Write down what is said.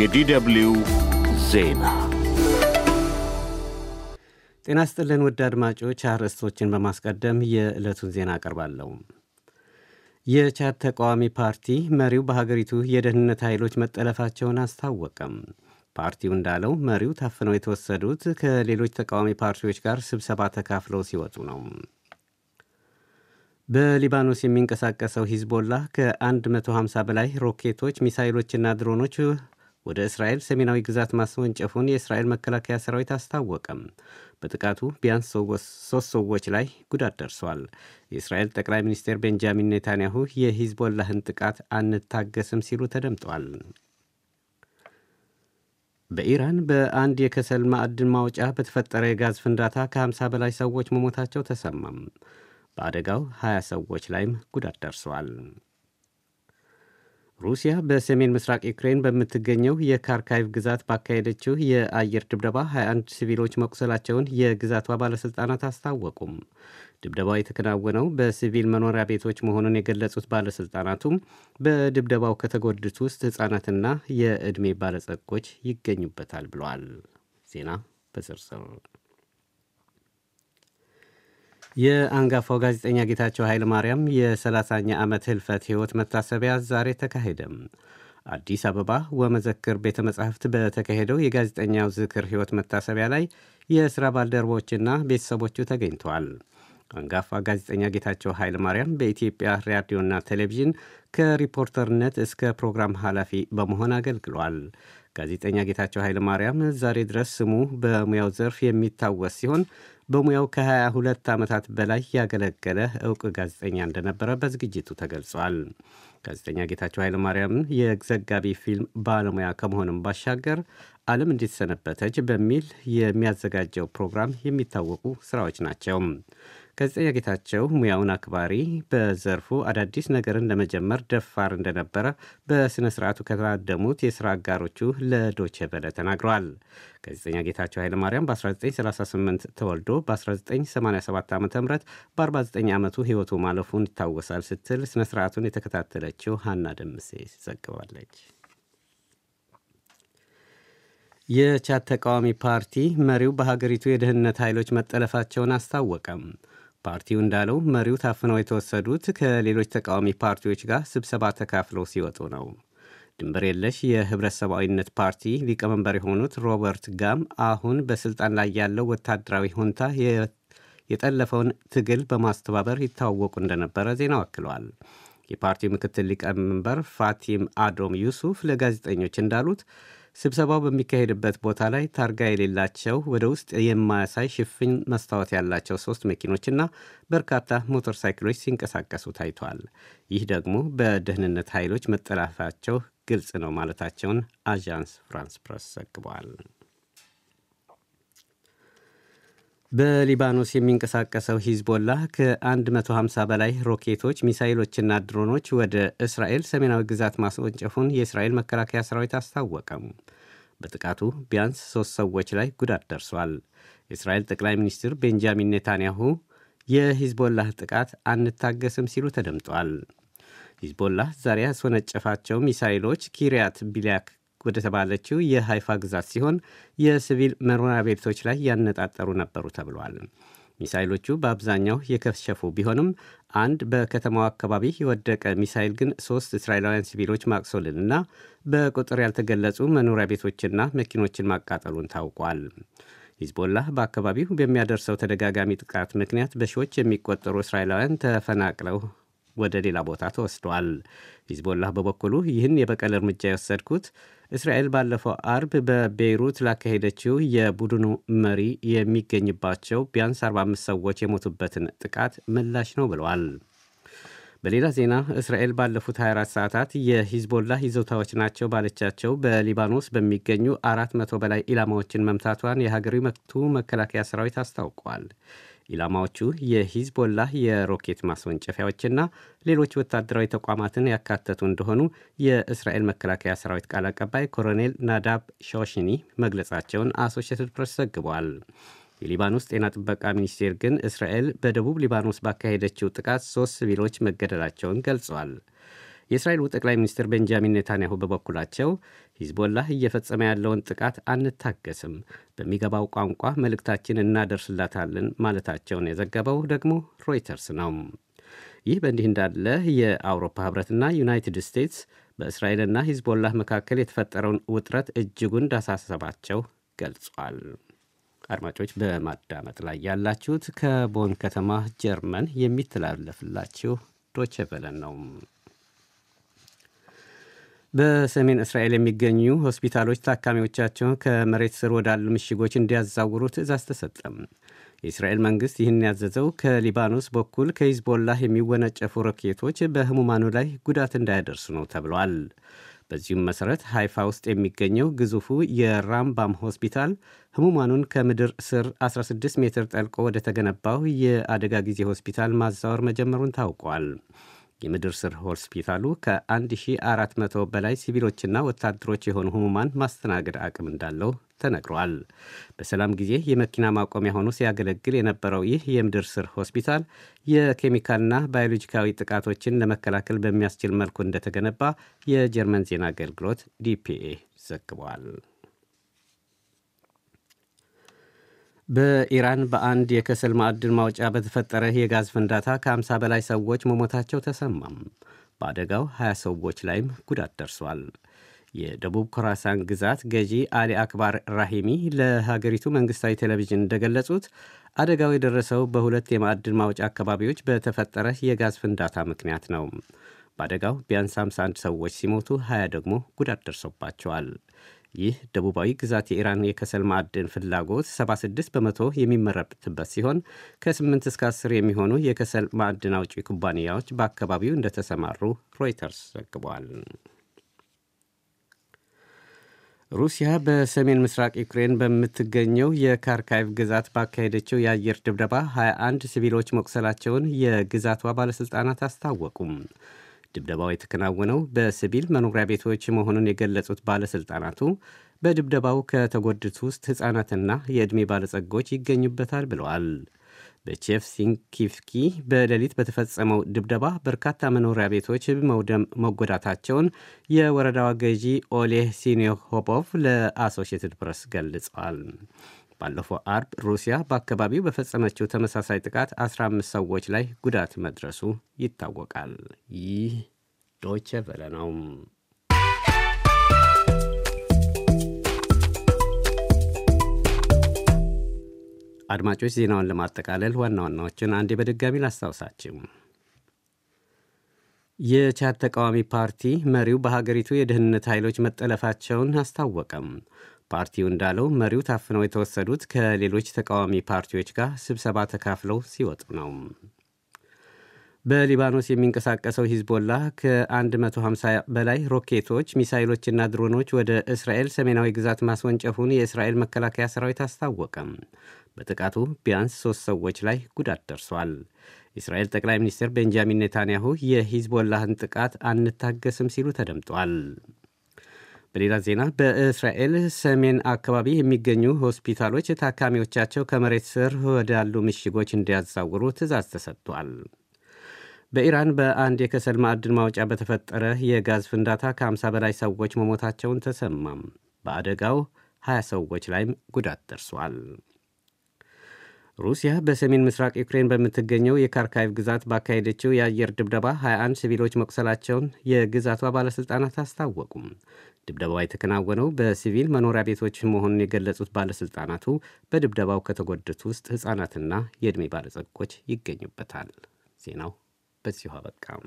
የዲደብልዩ ዜና ጤና ስጥልን ውድ አድማጮች፣ አርዕስቶችን በማስቀደም የዕለቱን ዜና አቀርባለሁ። የቻድ ተቃዋሚ ፓርቲ መሪው በሀገሪቱ የደህንነት ኃይሎች መጠለፋቸውን አስታወቀም። ፓርቲው እንዳለው መሪው ታፍነው የተወሰዱት ከሌሎች ተቃዋሚ ፓርቲዎች ጋር ስብሰባ ተካፍለው ሲወጡ ነው። በሊባኖስ የሚንቀሳቀሰው ሂዝቦላ ከ150 በላይ ሮኬቶች፣ ሚሳይሎችና ድሮኖች ወደ እስራኤል ሰሜናዊ ግዛት ማስወንጨፉን የእስራኤል መከላከያ ሰራዊት አስታወቀም። በጥቃቱ ቢያንስ ሶስት ሰዎች ላይ ጉዳት ደርሷል። የእስራኤል ጠቅላይ ሚኒስትር ቤንጃሚን ኔታንያሁ የሂዝቦላህን ጥቃት አንታገስም ሲሉ ተደምጠዋል። በኢራን በአንድ የከሰል ማዕድን ማውጫ በተፈጠረ የጋዝ ፍንዳታ ከ50 በላይ ሰዎች መሞታቸው ተሰማም። በአደጋው 20 ሰዎች ላይም ጉዳት ደርሷል። ሩሲያ በሰሜን ምስራቅ ዩክሬን በምትገኘው የካርካይቭ ግዛት ባካሄደችው የአየር ድብደባ 21 ሲቪሎች መቁሰላቸውን የግዛቷ ባለሥልጣናት አስታወቁም። ድብደባው የተከናወነው በሲቪል መኖሪያ ቤቶች መሆኑን የገለጹት ባለሥልጣናቱም በድብደባው ከተጎዱት ውስጥ ሕፃናትና የዕድሜ ባለጸጎች ይገኙበታል ብለዋል። ዜና በዝርዝር የአንጋፋው ጋዜጠኛ ጌታቸው ኃይለ ማርያም የ ዓመት ህልፈት ሕይወት መታሰቢያ ዛሬ ተካሄደም። አዲስ አበባ ወመዘክር ቤተ መጻሕፍት በተካሄደው የጋዜጠኛው ዝክር ሕይወት መታሰቢያ ላይ የሥራ ባልደረቦችና ቤተሰቦቹ ተገኝተዋል። አንጋፋ ጋዜጠኛ ጌታቸው ኃይለ ማርያም በኢትዮጵያ ራዲዮና ቴሌቪዥን ከሪፖርተርነት እስከ ፕሮግራም ኃላፊ በመሆን አገልግሏል። ጋዜጠኛ ጌታቸው ኃይለ ማርያም ዛሬ ድረስ ስሙ በሙያው ዘርፍ የሚታወስ ሲሆን በሙያው ከ22 ዓመታት በላይ ያገለገለ እውቅ ጋዜጠኛ እንደነበረ በዝግጅቱ ተገልጿል። ጋዜጠኛ ጌታቸው ኃይለ ማርያም የዘጋቢ ፊልም ባለሙያ ከመሆንም ባሻገር ዓለም እንዴት ሰነበተች በሚል የሚያዘጋጀው ፕሮግራም የሚታወቁ ስራዎች ናቸው። ጋዜጠኛ ጌታቸው ሙያውን አክባሪ፣ በዘርፉ አዳዲስ ነገርን ለመጀመር ደፋር እንደነበረ በሥነ ሥርዓቱ ከተራደሙት የሥራ አጋሮቹ ለዶቼ ቬለ ተናግረዋል። ጋዜጠኛ ጌታቸው ኃይለማርያም በ1938 ተወልዶ በ1987 ዓ ም በ49 ዓመቱ ሕይወቱ ማለፉን ይታወሳል ስትል ሥነ ሥርዓቱን የተከታተለችው ሀና ደምሴ ዘግባለች። የቻድ ተቃዋሚ ፓርቲ መሪው በሀገሪቱ የደህንነት ኃይሎች መጠለፋቸውን አስታወቀም። ፓርቲው እንዳለው መሪው ታፍነው የተወሰዱት ከሌሎች ተቃዋሚ ፓርቲዎች ጋር ስብሰባ ተካፍለው ሲወጡ ነው። ድንበር የለሽ የህብረት ሰብአዊነት ፓርቲ ሊቀመንበር የሆኑት ሮበርት ጋም አሁን በስልጣን ላይ ያለው ወታደራዊ ሁንታ የጠለፈውን ትግል በማስተባበር ይታወቁ እንደነበረ ዜናው አክለዋል። የፓርቲው ምክትል ሊቀመንበር ፋቲም አዶም ዩሱፍ ለጋዜጠኞች እንዳሉት ስብሰባው በሚካሄድበት ቦታ ላይ ታርጋ የሌላቸው ወደ ውስጥ የማያሳይ ሽፍኝ መስታወት ያላቸው ሶስት መኪኖችና በርካታ ሞተር ሳይክሎች ሲንቀሳቀሱ ታይቷል። ይህ ደግሞ በደህንነት ኃይሎች መጠላፋቸው ግልጽ ነው ማለታቸውን አዣንስ ፍራንስ ፕረስ ዘግቧል። በሊባኖስ የሚንቀሳቀሰው ሂዝቦላህ ከ150 በላይ ሮኬቶች፣ ሚሳይሎችና ድሮኖች ወደ እስራኤል ሰሜናዊ ግዛት ማስወንጨፉን የእስራኤል መከላከያ ሰራዊት አስታወቀም። በጥቃቱ ቢያንስ ሦስት ሰዎች ላይ ጉዳት ደርሷል። የእስራኤል ጠቅላይ ሚኒስትር ቤንጃሚን ኔታንያሁ የሂዝቦላህ ጥቃት አንታገስም ሲሉ ተደምጧል። ሂዝቦላህ ዛሬ ያስወነጨፋቸው ሚሳይሎች ኪሪያት ቢሊያክ ወደ ተባለችው የሃይፋ ግዛት ሲሆን የሲቪል መኖሪያ ቤቶች ላይ ያነጣጠሩ ነበሩ ተብሏል። ሚሳይሎቹ በአብዛኛው የከሸፉ ቢሆንም አንድ በከተማው አካባቢ የወደቀ ሚሳይል ግን ሶስት እስራኤላውያን ሲቪሎች ማቅሶልንና በቁጥር ያልተገለጹ መኖሪያ ቤቶችና መኪኖችን ማቃጠሉን ታውቋል። ሂዝቦላ በአካባቢው በሚያደርሰው ተደጋጋሚ ጥቃት ምክንያት በሺዎች የሚቆጠሩ እስራኤላውያን ተፈናቅለው ወደ ሌላ ቦታ ተወስደዋል። ሂዝቦላ በበኩሉ ይህን የበቀል እርምጃ የወሰድኩት እስራኤል ባለፈው አርብ በቤይሩት ላካሄደችው የቡድኑ መሪ የሚገኝባቸው ቢያንስ 45 ሰዎች የሞቱበትን ጥቃት ምላሽ ነው ብለዋል። በሌላ ዜና እስራኤል ባለፉት 24 ሰዓታት የሂዝቦላ ይዞታዎች ናቸው ባለቻቸው በሊባኖስ በሚገኙ 400 በላይ ኢላማዎችን መምታቷን የሀገሪቱ መከላከያ ሰራዊት አስታውቋል። ኢላማዎቹ የሂዝቦላ የሮኬት ማስወንጨፊያዎችና ሌሎች ወታደራዊ ተቋማትን ያካተቱ እንደሆኑ የእስራኤል መከላከያ ሰራዊት ቃል አቀባይ ኮሎኔል ናዳብ ሾሽኒ መግለጻቸውን አሶሽትድ ፕሬስ ዘግቧል። የሊባኖስ ጤና ጥበቃ ሚኒስቴር ግን እስራኤል በደቡብ ሊባኖስ ባካሄደችው ጥቃት ሶስት ሲቪሎች መገደላቸውን ገልጿል። የእስራኤሉ ጠቅላይ ሚኒስትር ቤንጃሚን ኔታንያሁ በበኩላቸው ሂዝቦላህ እየፈጸመ ያለውን ጥቃት አንታገስም፣ በሚገባው ቋንቋ መልእክታችን እናደርስላታለን ማለታቸውን የዘገበው ደግሞ ሮይተርስ ነው። ይህ በእንዲህ እንዳለ የአውሮፓ ህብረትና ዩናይትድ ስቴትስ በእስራኤልና ሂዝቦላህ መካከል የተፈጠረውን ውጥረት እጅጉን እንዳሳሰባቸው ገልጿል። አድማጮች በማዳመጥ ላይ ያላችሁት ከቦን ከተማ ጀርመን የሚተላለፍላችሁ ዶቼ ቬለን ነው። በሰሜን እስራኤል የሚገኙ ሆስፒታሎች ታካሚዎቻቸውን ከመሬት ስር ወዳሉ ምሽጎች እንዲያዛውሩ ትዕዛዝ ተሰጠም። የእስራኤል መንግሥት ይህን ያዘዘው ከሊባኖስ በኩል ከሂዝቦላህ የሚወነጨፉ ሮኬቶች በህሙማኑ ላይ ጉዳት እንዳያደርሱ ነው ተብሏል። በዚሁም መሠረት ሃይፋ ውስጥ የሚገኘው ግዙፉ የራምባም ሆስፒታል ህሙማኑን ከምድር ስር 16 ሜትር ጠልቆ ወደ ተገነባው የአደጋ ጊዜ ሆስፒታል ማዛወር መጀመሩን ታውቋል። የምድር ስር ሆስፒታሉ ከ1400 በላይ ሲቪሎችና ወታደሮች የሆኑ ህሙማን ማስተናገድ አቅም እንዳለው ተነግሯል። በሰላም ጊዜ የመኪና ማቆሚያ ሆኖ ሲያገለግል የነበረው ይህ የምድር ስር ሆስፒታል የኬሚካልና ባዮሎጂካዊ ጥቃቶችን ለመከላከል በሚያስችል መልኩ እንደተገነባ የጀርመን ዜና አገልግሎት ዲፒኤ ዘግቧል። በኢራን በአንድ የከሰል ማዕድን ማውጫ በተፈጠረ የጋዝ ፍንዳታ ከ50 በላይ ሰዎች መሞታቸው ተሰማም። በአደጋው 20 ሰዎች ላይም ጉዳት ደርሷል። የደቡብ ኮራሳን ግዛት ገዢ አሊ አክባር ራሂሚ ለሀገሪቱ መንግሥታዊ ቴሌቪዥን እንደገለጹት አደጋው የደረሰው በሁለት የማዕድን ማውጫ አካባቢዎች በተፈጠረ የጋዝ ፍንዳታ ምክንያት ነው። በአደጋው ቢያንስ 51 ሰዎች ሲሞቱ 20 ደግሞ ጉዳት ደርሶባቸዋል። ይህ ደቡባዊ ግዛት የኢራን የከሰል ማዕድን ፍላጎት 76 በመቶ የሚመረትበት ሲሆን ከ8 እስከ 10 የሚሆኑ የከሰል ማዕድን አውጪ ኩባንያዎች በአካባቢው እንደተሰማሩ ሮይተርስ ዘግቧል። ሩሲያ በሰሜን ምስራቅ ዩክሬን በምትገኘው የካርካይቭ ግዛት ባካሄደችው የአየር ድብደባ 21 ሲቪሎች መቁሰላቸውን የግዛቷ ባለሥልጣናት አስታወቁም። ድብደባው የተከናወነው በሲቪል መኖሪያ ቤቶች መሆኑን የገለጹት ባለሥልጣናቱ በድብደባው ከተጎድቱ ውስጥ ሕፃናትና የዕድሜ ባለጸጎች ይገኙበታል ብለዋል። በቼፍ ሲንኪፍኪ በሌሊት በተፈጸመው ድብደባ በርካታ መኖሪያ ቤቶች መውደም መጎዳታቸውን የወረዳዋ ገዢ ኦሌህ ሲኒሆፖቭ ለአሶሽትድ ፕሬስ ገልጸዋል። ባለፈው አርብ ሩሲያ በአካባቢው በፈጸመችው ተመሳሳይ ጥቃት 15 ሰዎች ላይ ጉዳት መድረሱ ይታወቃል። ይህ ዶቼ ቬለ ነው። አድማጮች፣ ዜናውን ለማጠቃለል ዋና ዋናዎችን አንዴ በድጋሚ ላስታውሳችሁ። የቻድ ተቃዋሚ ፓርቲ መሪው በሀገሪቱ የደህንነት ኃይሎች መጠለፋቸውን አስታወቀም። ፓርቲው እንዳለው መሪው ታፍነው የተወሰዱት ከሌሎች ተቃዋሚ ፓርቲዎች ጋር ስብሰባ ተካፍለው ሲወጡ ነው። በሊባኖስ የሚንቀሳቀሰው ሂዝቦላ ከ150 በላይ ሮኬቶች፣ ሚሳይሎችና ድሮኖች ወደ እስራኤል ሰሜናዊ ግዛት ማስወንጨፉን የእስራኤል መከላከያ ሰራዊት አስታወቀም። በጥቃቱ ቢያንስ ሶስት ሰዎች ላይ ጉዳት ደርሷል። የእስራኤል ጠቅላይ ሚኒስትር ቤንጃሚን ኔታንያሁ የሂዝቦላህን ጥቃት አንታገስም ሲሉ ተደምጧል። በሌላ ዜና በእስራኤል ሰሜን አካባቢ የሚገኙ ሆስፒታሎች ታካሚዎቻቸው ከመሬት ስር ወዳሉ ምሽጎች እንዲያዛውሩ ትዕዛዝ ተሰጥቷል። በኢራን በአንድ የከሰል ማዕድን ማውጫ በተፈጠረ የጋዝ ፍንዳታ ከ50 በላይ ሰዎች መሞታቸውን ተሰማም። በአደጋው 20 ሰዎች ላይም ጉዳት ደርሷል። ሩሲያ በሰሜን ምስራቅ ዩክሬን በምትገኘው የካርካይቭ ግዛት ባካሄደችው የአየር ድብደባ 21 ሲቪሎች መቁሰላቸውን የግዛቷ ባለሥልጣናት አስታወቁም። ድብደባው የተከናወነው በሲቪል መኖሪያ ቤቶች መሆኑን የገለጹት ባለሥልጣናቱ በድብደባው ከተጎዱት ውስጥ ሕፃናትና የዕድሜ ባለጸጎች ይገኙበታል። ዜናው በዚሁ አበቃም።